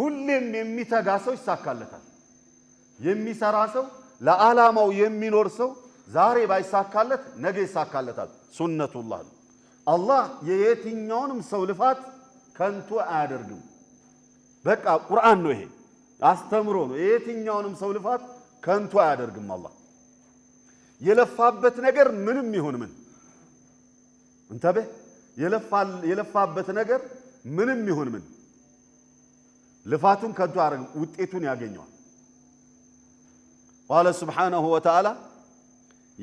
ሁሌም የሚተጋ ሰው ይሳካለታል። የሚሰራ ሰው ለዓላማው የሚኖር ሰው ዛሬ ባይሳካለት ነገ ይሳካለታል። ሱነቱላህ ነው። አላህ የየትኛውንም ሰው ልፋት ከንቱ አያደርግም። በቃ ቁርአን ነው ይሄ አስተምሮ ነው። የየትኛውንም ሰው ልፋት ከንቱ አያደርግም። አላህ የለፋበት ነገር ምንም ይሁን ምን እንተቤህ የለፋበት ነገር ምንም ይሁን ምን ልፋቱን ከንቱ አያደርግም፣ ውጤቱን ያገኘዋል። ቃለ ስብሓነሁ ወተዓላ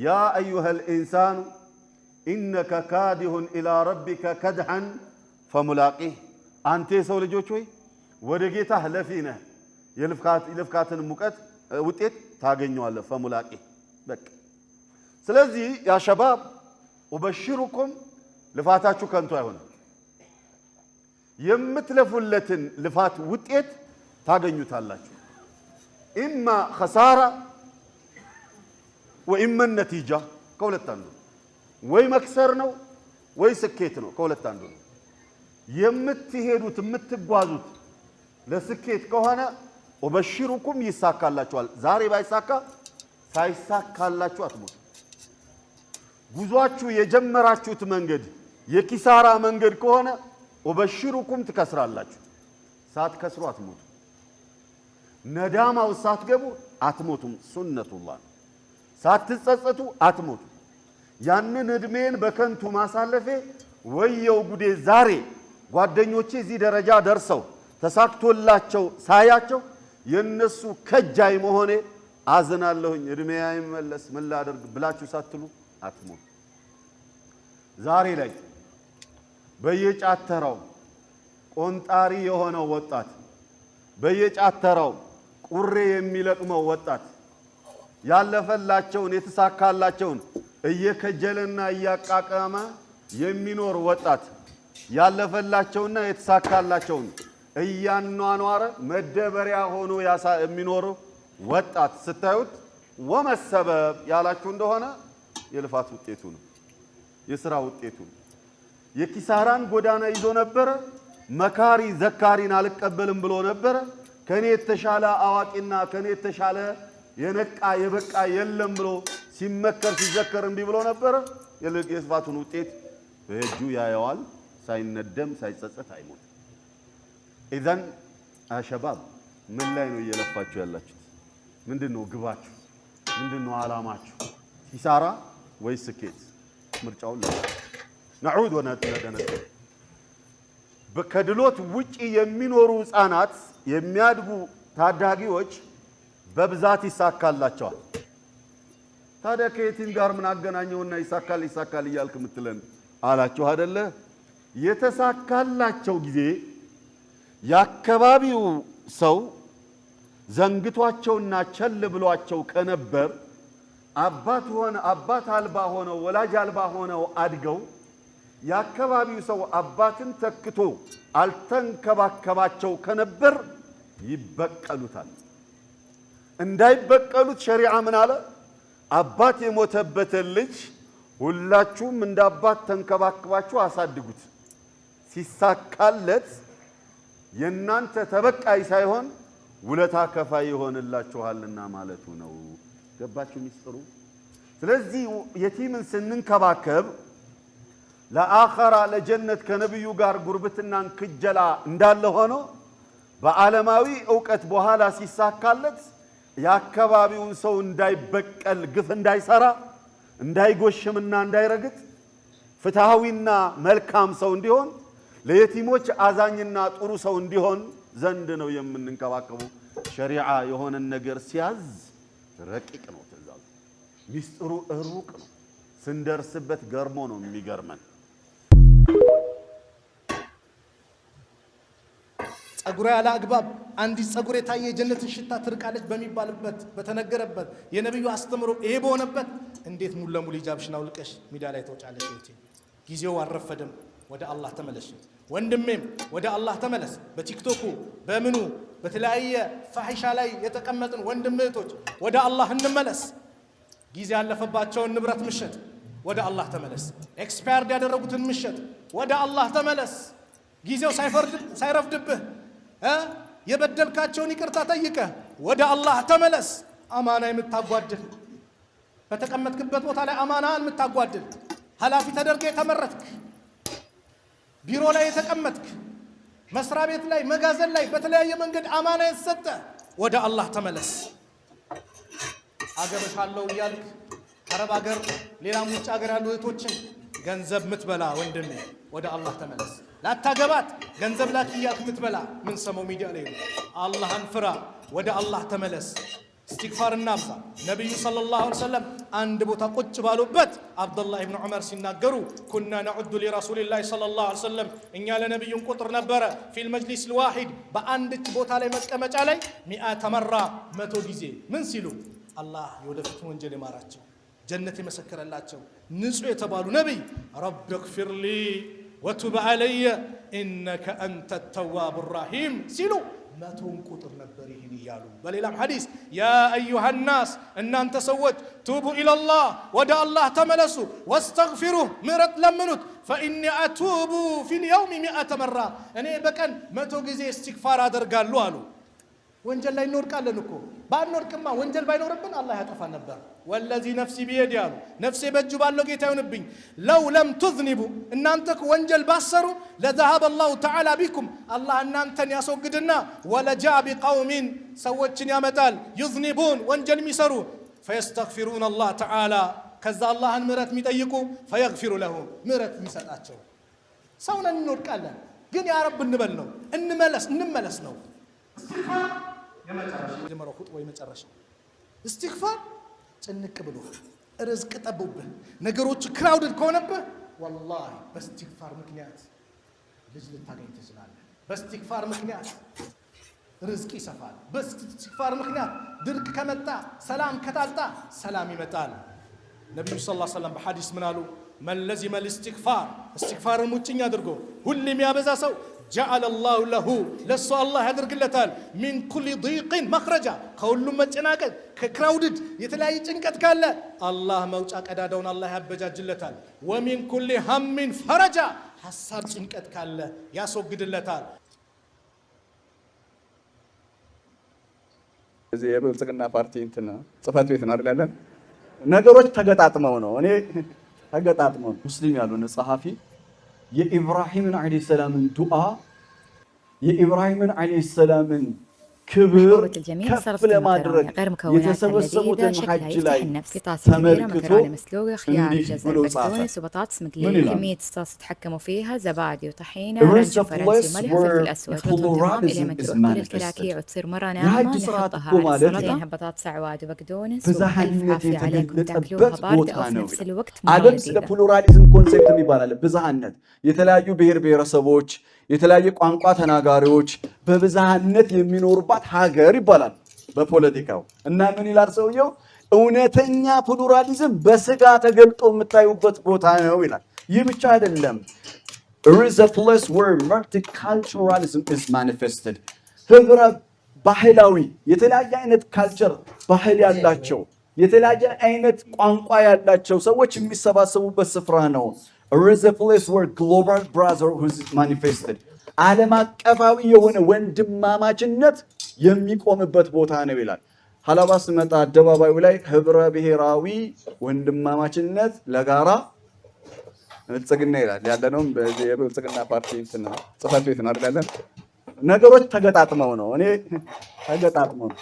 ያ አዩሃ ልኢንሳኑ ኢነከ ካዲሁን ኢላ ረቢከ ከድሐን ፈሙላቂህ አንተ የሰው ልጆች ሆይ ወደ ጌታህ ለፊ ነህ፣ የልፍካትን ሙቀት ውጤት ታገኘዋለህ። ፈሙላቂህ በቃ ስለዚህ ያ ሸባብ ኡበሽሩኩም ልፋታችሁ ከንቱ አይሆንም። የምትለፉለትን ልፋት ውጤት ታገኙታላችሁ። ኢማ ኸሳራ ወኢማ ነቲጃ ከሁለት አንዱ ነው። ወይ መክሰር ነው ወይ ስኬት ነው። ከሁለት አንዱ ነው። የምትሄዱት የምትጓዙት ለስኬት ከሆነ ኦበሽሩኩም ይሳካላችኋል። ዛሬ ባይሳካ ሳይሳካላችሁ አትሞቱ። ጉዟችሁ የጀመራችሁት መንገድ የኪሳራ መንገድ ከሆነ ወበሽሩኩም ትከስራላችሁ። ከስሩ አትሞቱ። ነዳማው ሳትገቡ አትሞቱም። ሱነቱላህ ሳትጸጸቱ አትሞቱ። ያንን እድሜን በከንቱ ማሳለፌ ወየው ጉዴ! ዛሬ ጓደኞቼ እዚህ ደረጃ ደርሰው ተሳክቶላቸው ሳያቸው የነሱ ከጃይ መሆኔ አዝናለሁኝ። እድሜ አይመለስ ምን ላደርግ ብላችሁ ሳትሉ አትሞቱ ዛሬ ላይ በየጫተራው ቆንጣሪ የሆነው ወጣት በየጫተራው ቁሬ የሚለቅመው ወጣት ያለፈላቸውን የተሳካላቸውን እየከጀለና እያቃቀመ የሚኖር ወጣት ያለፈላቸውና የተሳካላቸውን እያኗኗረ መደበሪያ ሆኖ የሚኖር ወጣት ስታዩት ወመሰበብ ያላችሁ እንደሆነ የልፋት ውጤቱ ነው፣ የስራ ውጤቱ ነው። የኪሳራን ጎዳና ይዞ ነበረ። መካሪ ዘካሪን አልቀበልም ብሎ ነበረ። ከኔ የተሻለ አዋቂና ከኔ የተሻለ የነቃ የበቃ የለም ብሎ ሲመከር ሲዘከር እምቢ ብሎ ነበረ። የልፋቱን ውጤት በእጁ ያየዋል። ሳይነደም ሳይጸጸት አይሞት። ኢዘን አሸባብ ምን ላይ ነው እየለፋችሁ ያላችሁት? ምንድን ነው ግባችሁ? ምንድን ነው ዓላማችሁ? ኪሳራ ወይስ ስኬት? ምርጫውን ለ ነዑድ ወነጥለደነ ከድሎት ውጪ የሚኖሩ ህፃናት የሚያድጉ ታዳጊዎች በብዛት ይሳካላቸዋል። ታዲያ ከየቲም ጋር ምን አገናኘውና ይሳካል ይሳካል እያልክ የምትለን አላችሁ አደለ? የተሳካላቸው ጊዜ የአካባቢው ሰው ዘንግቷቸውና ቸል ብሏቸው ከነበር አባት ሆነ አባት አልባ ሆነው ወላጅ አልባ ሆነው አድገው የአካባቢው ሰው አባትን ተክቶ አልተንከባከባቸው ከነበር ይበቀሉታል። እንዳይበቀሉት ሸሪዓ ምን አለ? አባት የሞተበትን ልጅ ሁላችሁም እንደ አባት ተንከባክባችሁ አሳድጉት። ሲሳካለት የእናንተ ተበቃይ ሳይሆን ውለታ ከፋይ ይሆንላችኋልና ማለቱ ነው። ገባችሁ ሚስጥሩ? ስለዚህ የቲምን ስንንከባከብ ለአኸራ ለጀነት ከነቢዩ ጋር ጉርብትናን ክጀላ እንዳለ ሆኖ በዓለማዊ እውቀት በኋላ ሲሳካለት የአካባቢውን ሰው እንዳይበቀል ግፍ እንዳይሰራ እንዳይጎሽምና እንዳይረግጥ ፍትሐዊና መልካም ሰው እንዲሆን ለየቲሞች አዛኝና ጥሩ ሰው እንዲሆን ዘንድ ነው የምንንከባከቡ። ሸሪዓ የሆነን ነገር ሲያዝ ረቂቅ ነው ትእዛዙ። ሚስጥሩ ሩቅ ነው። ስንደርስበት ገርሞ ነው የሚገርመን። ጸጉሯ ያለ አግባብ አንዲት ጸጉር የታየ የጀነትን ሽታ ትርቃለች በሚባልበት በተነገረበት የነቢዩ አስተምሮ ይሄ በሆነበት እንዴት ሙሉ ለሙሉ ሂጃብሽን አውልቀሽ ሜዳ ላይ ተውጫለሽ? እህቴ ጊዜው አልረፈደም። ወደ አላህ ተመለሽ ወንድሜም፣ ወደ አላህ ተመለስ። በቲክቶኩ በምኑ በተለያየ ፋሒሻ ላይ የተቀመጥን ወንድም እህቶች ወደ አላህ እንመለስ። ጊዜ ያለፈባቸውን ንብረት ምሽት ወደ አላህ ተመለስ። ኤክስፓየርድ ያደረጉትን ምሽት ወደ አላህ ተመለስ። ጊዜው ሳይረፍድብህ የበደልካቸውን ይቅርታ ጠይቀህ ወደ አላህ ተመለስ። አማና የምታጓድል በተቀመጥክበት ቦታ ላይ አማና የምታጓድል ኃላፊ ተደርገ የተመረትክ ቢሮ ላይ የተቀመጥክ መስሪያ ቤት ላይ መጋዘን ላይ በተለያየ መንገድ አማና የተሰጠ ወደ አላህ ተመለስ። አገበሻለሁ እያልክ አረብ ሀገር፣ ሌላም ውጭ ሀገር ያሉ እህቶችን ገንዘብ ምትበላ ወንድሜ ወደ አላህ ተመለስ። ላታገባት ገንዘብ ላክ እያልክ የምትበላ ምን ሰማው ሚዲያ ላይ ነው። አላህን ፍራ፣ ወደ አላህ ተመለስ፣ እስትግፋር እናብዛ። ነቢዩ ሰለላሁ ዐለይሂ ወሰለም አንድ ቦታ ቁጭ ባሉበት አብዱላህ ብን ዑመር ሲናገሩ ኩና ነዑዱ ሊረሱሊላህ ሰለላሁ ዐለይሂ ወሰለም እኛ ለነቢዩን ቁጥር ነበረ ፊል መጅሊስ ልዋሂድ በአንድ ቦታ ላይ መቀመጫ ላይ ሚአ ተመራ መቶ ጊዜ ምን ሲሉ አላህ የወደፊቱን ወንጀል የማራቸው ጀነት የመሰከረላቸው ንጹሕ የተባሉ ነቢይ ረብ ግፊር ሊ ወቱብ አለየ ኢነከ አንተ ተዋብ ራሂም ሲሉ መቶን ቁጥር ነበር ይህን እያሉ። በሌላም ሐዲስ ያ አዩሃ ናስ እናንተ ሰዎች ቱቡ ኢለላህ ወደ አላህ ተመለሱ፣ ወስተግፊሩህ ምሕረት ለምኑት። ፈኢኒ አቱቡ ፊል ሚአተ መራ እኔ በቀን መቶ ጊዜ እስትግፋር አደርጋሉ አሉ ወንጀል ላይ እንወድቃለን እኮ ባንወድቅማ ወንጀል ባይኖርብን አላህ ያጠፋን ነበር። ወለዚ ነፍሲ ቢየድ ያሉ ነፍሴ በእጁ ባለው ጌታ ይሁንብኝ። ለው ለም ቱዝኒቡ እናንተ ወንጀል ባሰሩ ለዘሀበ ላሁ ተዓላ ቢኩም አላህ እናንተን ያስወግድና ወለጃ ቢቀውሚን ሰዎችን ያመጣል ዩዝኒቡን ወንጀል የሚሰሩ ፈየስተግፊሩን አላህ ተዓላ ከዛ አላህን ምሕረት የሚጠይቁ ፈየግፊሩ ለሁ ምሕረት የሚሰጣቸው። ሰውነን እንወድቃለን፣ ግን ያረብ እንበል ነው እንመለስ እንመለስ ነው የመጨረሻው ኹጥባ የመጨረሻው ኢስቲግፋር ጭንቅ ብሎ ርዝቅ ጠቦብህ ነገሮች ክራውድድ ከሆነብህ ወላሂ በኢስቲግፋር ምክንያት ልጅ ልታገኝ ትችላለህ። በኢስቲግፋር ምክንያት ርዝቅ ይሰፋል። በኢስቲግፋር ምክንያት ድርቅ ከመጣ ሰላም ከታጣ ሰላም ይመጣል። ነቢዩ ሰለላሁ ዐለይሂ ወሰለም በሐዲስ ምን አሉ? መን ለዚመል ኢስቲግፋር ኢስቲግፋርን ሙጭኝ አድርጎ ሁሌ የሚያበዛ ሰው ጀዓለ ላሁ ለሁ ለእሱ አላህ ያደርግለታል ሚን ኩሊ ዲቅን መክረጃ ከሁሉም መጨናቀቅ ከክራውድድ የተለያየ ጭንቀት ካለ አላህ መውጫ ቀዳዳውን አላህ ያበጃጅለታል። ወሚን ኩሊ ሀሚን ፈረጃ ሀሳብ ጭንቀት ካለ ያስወግድለታል። እዚህ የብልጽግና ፓርቲ እንትን ጽህፈት ቤት ነው አይደል? ነገሮች ተገጣጥመው ነው እኔ ተገጣጥመው ሙስሊም ያልሆነ ጸሐፊ የኢብራሂምን ዓለይሂ ሰላምን ዱዓ የኢብራሂምን ዓለይሂ ሰላምን كبر كفل ما درك يتسبسبوا تنحج لاي تمركتو مسلوقة خيار جزر بقدونس وبطاطس كمية صوص تحكموا فيها زبادي وطحينة رنجة فرنسي وملح وفلفل أسود وتضم إلى ما تأكل الكلاكيع وتصير مرة ناعمة نحطها على السلطين بطاطس سعواد وبقدونس وألف عافية عليكم تاكلوها باردة أو في نفس الوقت مرة جديدة عدم سለ ፕሉራሊዝም ኮንሴፕትም ይባላል ብዝሃነት بير بير سبوش የተለያዩ ቋንቋ هناغاروش በብዝሃነት የሚኖሩባት ሀገር ይባላል በፖለቲካው። እና ምን ይላል ሰውየው? እውነተኛ ፕሉራሊዝም በስጋ ተገልጦ የምታዩበት ቦታ ነው ይላል። ይህ ብቻ አይደለም። ሪዘፕለስ ወር መልቲካልቸራሊዝም ኢዝ ማኒፌስትድ ህብረ ባህላዊ የተለያየ አይነት ካልቸር ባህል ያላቸው የተለያየ አይነት ቋንቋ ያላቸው ሰዎች የሚሰባሰቡበት ስፍራ ነው። ሪዘፕለስ ወር ግሎባል ብራዘርሁድ ማኒፌስትድ ዓለም አቀፋዊ የሆነ ወንድማማችነት የሚቆምበት ቦታ ነው ይላል። ሀላባ ስመጣ አደባባዩ ላይ ህብረ ብሔራዊ ወንድማማችነት ለጋራ ብልጽግና ይላል። ያለነውም የብልጽግና ፓርቲ ጽፈት ቤት እናደርጋለን። ነገሮች ተገጣጥመው ነው። እኔ ተገጣጥመው ነው።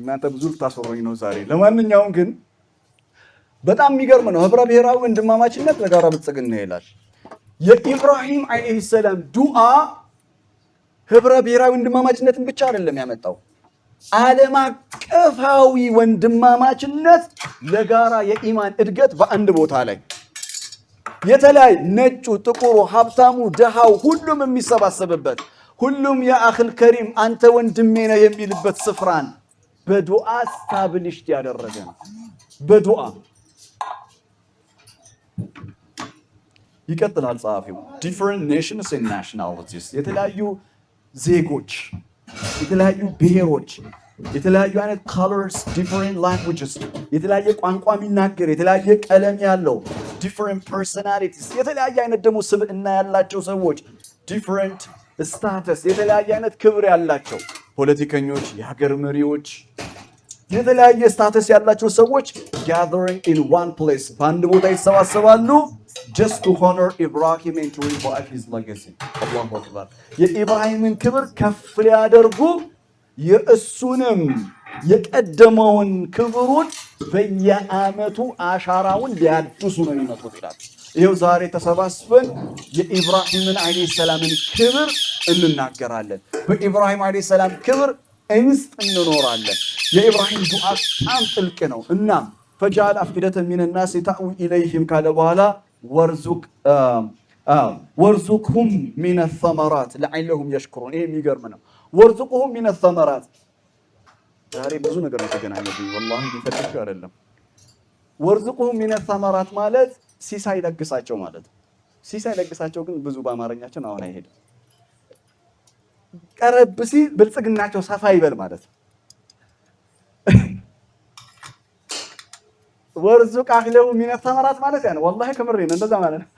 እናንተ ብዙ ልታስወሩኝ ነው ዛሬ። ለማንኛውም ግን በጣም የሚገርም ነው። ህብረ ብሔራዊ ወንድማማችነት ለጋራ ብልጽግና ይላል። የኢብራሂም ዓለይሂ ሰላም ዱዓ ህብረ ብሔራዊ ወንድማማችነትን ብቻ አይደለም ያመጣው፣ ዓለም አቀፋዊ ወንድማማችነት ለጋራ የኢማን እድገት በአንድ ቦታ ላይ የተለያዩ ነጩ፣ ጥቁሩ፣ ሀብታሙ፣ ድሃው ሁሉም የሚሰባሰብበት ሁሉም የአክል ከሪም አንተ ወንድሜ ነህ የሚልበት ስፍራን በዱዓ ስታብሊሽት ያደረገ ነው በዱዓ ይቀጥላል ጸሐፊው ዲፈረንት ኔሽንስ ኤንድ ናሽናሊቲስ የተለያዩ ዜጎች፣ የተለያዩ ብሔሮች፣ የተለያዩ አይነት ኮለርስ ዲፈረንት ላንጉጅስ የተለያየ ቋንቋ የሚናገር የተለያየ ቀለም ያለው ዲፈረንት ፐርሶናሊቲስ የተለያየ አይነት ደግሞ ስብዕና ያላቸው ሰዎች ዲፈረንት ስታተስ የተለያየ አይነት ክብር ያላቸው ፖለቲከኞች፣ የሀገር መሪዎች የተለያየ ስታተስ ያላቸው ሰዎች ጋዘሪንግ ኢን ዋን ፕሌስ በአንድ ቦታ ይሰባሰባሉ። just to honor Ibrahim and to revive his legacy. Allahu Akbar. የኢብራሂምን ክብር ከፍ ሊያደርጉ የእሱንም የቀደመውን ክብሩን በየአመቱ አሻራውን ሊያድሱ ነው የሚመጡት ይላል። ይኸው ዛሬ ተሰባስበን የኢብራሂምን ዓለይሂ ሰላምን ክብር እንናገራለን። በኢብራሂም ዓለይሂ ሰላም ክብር እንስጥ እንኖራለን። የኢብራሂም ዱዓ በጣም ጥልቅ ነው። እናም ፈጃአለ አፍኢደተ ሚነናስ ተአዊ ኢለይሂም ካለ በኋላ ወርዙቅሁም ሚነ ሰመራት ለዓለሁም የሽኩሩን። ይሄ የሚገርም ነው። ወርዙቅሁም ሚነ ሰመራት ዛሬ ብዙ ነገር የተገናኘ ወላሂ ፈለግሽው አይደለም። ወርዙቅሁም ሚነ ሰመራት ማለት ሲሳይ ለግሳቸው ማለት ሲሳይ ለግሳቸው ግን ብዙ በአማርኛችን አሁን አይሄድም። ቀረብ ሲል ብልጽግናቸው ሰፋ ይበል ማለት ነው። ወርዙ ቃፊለው የሚነት ተመራት ማለት ያ ነው። ወላሂ ነው እንደዛ ማለት ነው።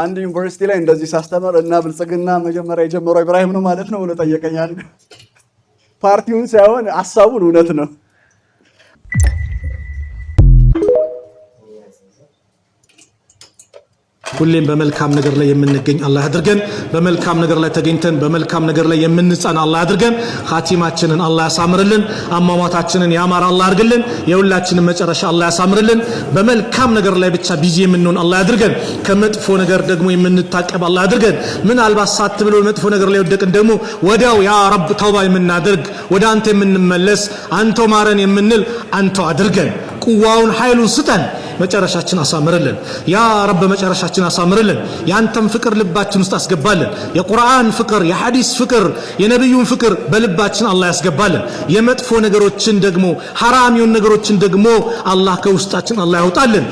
አንድ ዩኒቨርሲቲ ላይ እንደዚህ ሳስተምር እና ብልጽግና መጀመሪያ የጀመረው ኢብራሂም ነው ማለት ነው ብሎ ጠየቀኛል። ፓርቲውን ሳይሆን ሀሳቡን እውነት ነው ሁሌም በመልካም ነገር ላይ የምንገኝ አላህ አድርገን። በመልካም ነገር ላይ ተገኝተን በመልካም ነገር ላይ የምንጸን አላህ አድርገን። ኻቲማችንን አላህ ያሳምርልን። አሟሟታችንን ያማረ አላህ አድርግልን። የሁላችንን መጨረሻ አላህ ያሳምርልን። በመልካም ነገር ላይ ብቻ ቢዚ የምንሆን አላህ አድርገን። ከመጥፎ ነገር ደግሞ የምንታቀብ አላህ አድርገን። ምናልባት ሳት ብሎ መጥፎ ነገር ላይ ወደቅን ደግሞ ወዲያው ያ ረብ ተውባ የምናደርግ ወደ አንተ የምንመለስ አንተ ማረን የምንል አንተ አድርገን። ቁዋውን ኃይሉን ስጠን። መጨረሻችን አሳምርልን። ያ ረብ መጨረሻችን አሳምርልን። ያንተም ፍቅር ልባችን ውስጥ አስገባልን። የቁርአን ፍቅር፣ የሐዲስ ፍቅር፣ የነቢዩን ፍቅር በልባችን አላህ ያስገባልን። የመጥፎ ነገሮችን ደግሞ ሐራም የሆኑ ነገሮችን ደግሞ አላህ ከውስጣችን አላህ ያውጣልን።